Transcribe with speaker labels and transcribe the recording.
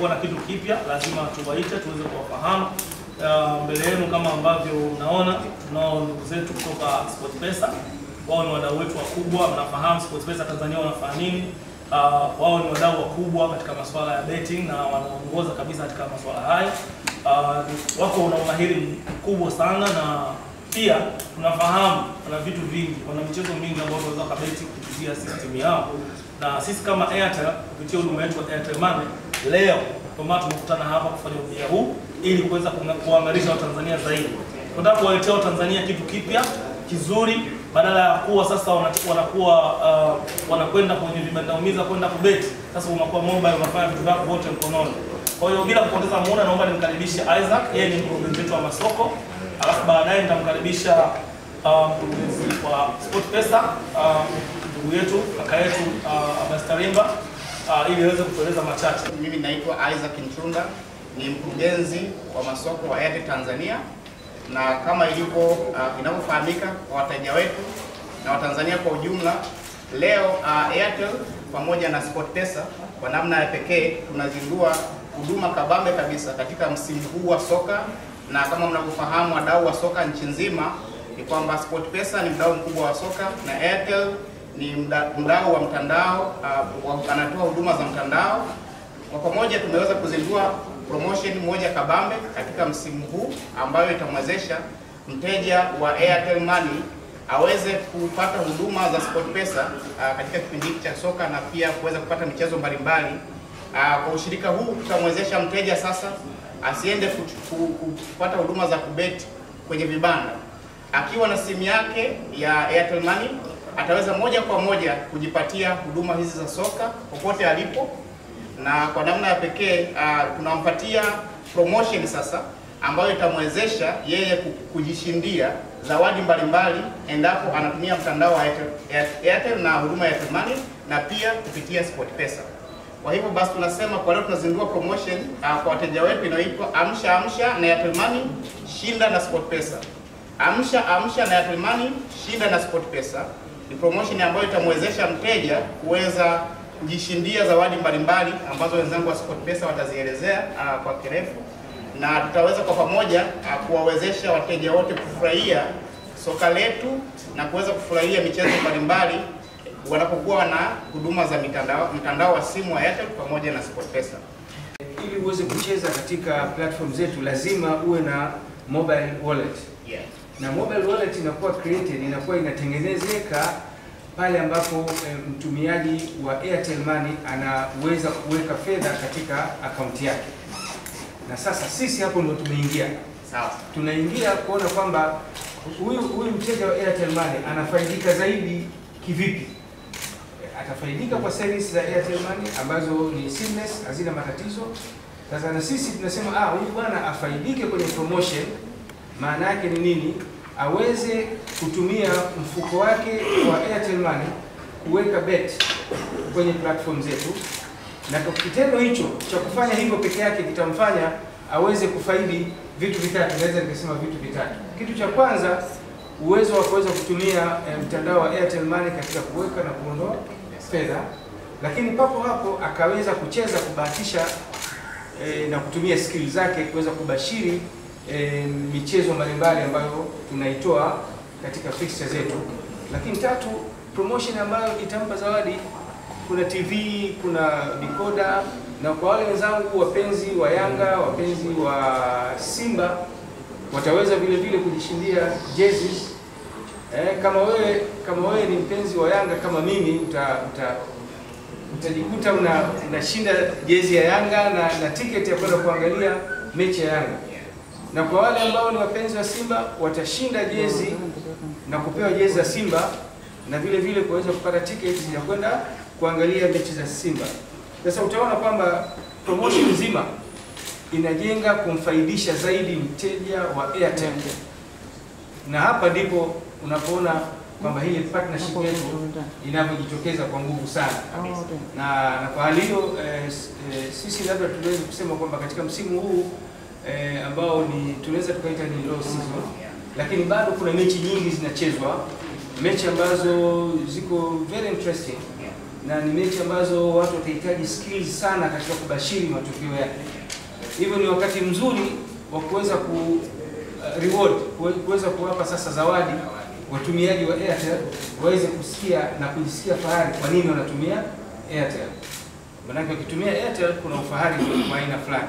Speaker 1: kuwa na kitu kipya, lazima tuwaite tuweze kuwafahamu. Uh, mbele yenu kama ambavyo unaona tunao ndugu zetu kutoka SportPesa, wao ni wadau wetu wakubwa. Mnafahamu SportPesa Tanzania wanafanya nini? Uh, wao ni wadau wakubwa katika masuala ya betting na wanaongoza kabisa katika masuala hayo. Uh, wako na umahiri mkubwa sana na pia tunafahamu wana vitu vingi, wana michezo mingi ambayo wanaweza kabeti kupitia system yao, na sisi kama Airtel kupitia huduma yetu ya Airtel Money leo kwa maana tumekutana hapa kufanya ubia huu ili kuweza kuwaangarisha Watanzania zaidi. Tunataka kuwaletea Watanzania kitu kipya kizuri, badala ya kuwa sasa wanakuwa uh, wanakwenda kwenye vibandaumiza kwenda kubeti. Sasa unakuwa mobile, unafanya vitu vyako vyote mkononi. Kwa hiyo bila kupoteza muda, naomba nimkaribishe Isaac, yeye ni mkurugenzi wetu wa masoko, alafu baadaye nitamkaribisha uh, mkurugenzi uh, wa pesa ndugu uh, yetu kaka yetu uh, Abastariimba uh, ah, ili iweze kutueleza machache.
Speaker 2: Mimi naitwa Isaac Ntunda, ni mkurugenzi wa masoko wa Airtel Tanzania, na kama ilivyo uh, inavyofahamika kwa wateja wetu na Watanzania kwa ujumla, leo uh, Airtel pamoja na Sportpesa kwa namna ya pekee tunazindua huduma kabambe kabisa katika msimu huu wa soka, na kama mnavyofahamu wadau wa soka nchi nzima ni kwamba Sportpesa ni mdau mkubwa wa soka na Airtel ni mdau wa mtandao uh, anatoa huduma za mtandao. Kwa pamoja tumeweza kuzindua promotion moja kabambe katika msimu huu ambayo itamwezesha mteja wa Airtel Money aweze kupata huduma za pesa uh, katika kipindi hiki cha soka na pia kuweza kupata michezo mbalimbali. Uh, kwa ushirika huu tutamwezesha mteja sasa asiende kupata huduma za kubeti kwenye vibanda akiwa na simu yake ya Airtel Money ataweza moja kwa moja kujipatia huduma hizi za soka popote alipo, na kwa namna ya pekee uh, tunampatia promotion sasa ambayo itamwezesha yeye kujishindia zawadi mbalimbali endapo anatumia mtandao wa Airtel na huduma ya Money na pia kupitia SportPesa. Kwa hivyo basi tunasema kwa leo tunazindua promotion uh, kwa wateja wetu inayoitwa Amsha Amsha na Airtel Money, shinda na SportPesa. Amsha Amsha na Airtel Money, shinda na SportPesa ni promotion ambayo itamwezesha mteja kuweza kujishindia zawadi mbalimbali ambazo wenzangu wa SportPesa watazielezea ah, kwa kirefu, na tutaweza kwa pamoja ah, kuwawezesha wateja wote kufurahia soka letu na kuweza kufurahia michezo mbalimbali wanapokuwa na huduma za mitandao, mtandao wa simu wa Airtel pamoja na SportPesa.
Speaker 3: Ili uweze kucheza katika platform zetu lazima uwe na mobile wallet.
Speaker 4: Yeah na
Speaker 3: mobile wallet inakuwa created, inakuwa inatengenezeka pale ambapo e, mtumiaji wa Airtel Money anaweza kuweka fedha katika akaunti yake. Na sasa sisi hapo ndio tumeingia. Sawa. Tunaingia kuona kwamba huyu huyu mteja wa Airtel Money anafaidika zaidi kivipi? Atafaidika kwa service za Airtel Money ambazo ni seamless, hazina matatizo. Sasa na sisi tunasema ah, huyu bwana afaidike kwenye promotion maana yake ni nini? Aweze kutumia mfuko wake wa Airtel Money kuweka bet kwenye platform zetu, na kitendo hicho cha kufanya hivyo peke yake kitamfanya aweze kufaidi vitu vitatu, naweza nikasema vitu vitatu. Kitu cha kwanza, uwezo wa kuweza kutumia eh, mtandao wa Airtel Money katika kuweka na kuondoa fedha, lakini papo hapo akaweza kucheza, kubahatisha eh, na kutumia skill zake kuweza kubashiri e, michezo mbalimbali ambayo tunaitoa katika fixture zetu, lakini tatu, promotion ambayo itampa zawadi. Kuna TV, kuna dikoda, na kwa wale wenzangu wapenzi wa Yanga, wapenzi wa Simba wataweza vile vile kujishindia jezi eh, kama wewe kama wewe ni mpenzi wa Yanga kama mimi uta, uta, utajikuta unashinda una jezi ya Yanga na, na tiketi ya kwenda kuangalia mechi ya Yanga na kwa wale ambao ni wapenzi wa Simba watashinda jezi na kupewa jezi za Simba na vile vile kuweza kupata tiketi ya kwenda kuangalia mechi za Simba. Sasa utaona kwamba promotion nzima inajenga kumfaidisha zaidi mteja wa Airtel, na hapa ndipo unapoona kwamba hii partnership yetu inavyojitokeza kwa nguvu sana ah, na, na kwa hali hiyo eh, eh, sisi labda tuweze kusema kwamba katika msimu huu eh, ambao ni tunaweza tukaita ni low season, lakini bado kuna mechi nyingi zinachezwa, mechi ambazo ziko very interesting na ni mechi ambazo watu watahitaji skills sana katika kubashiri matukio yake. Hivyo ni wakati mzuri wa kuweza ku uh, reward kuweza kuwapa sasa zawadi watumiaji wa Airtel waweze kusikia na kujisikia fahari kwa nini wanatumia Airtel. Maanake wakitumia Airtel kuna ufahari kwa aina fulani.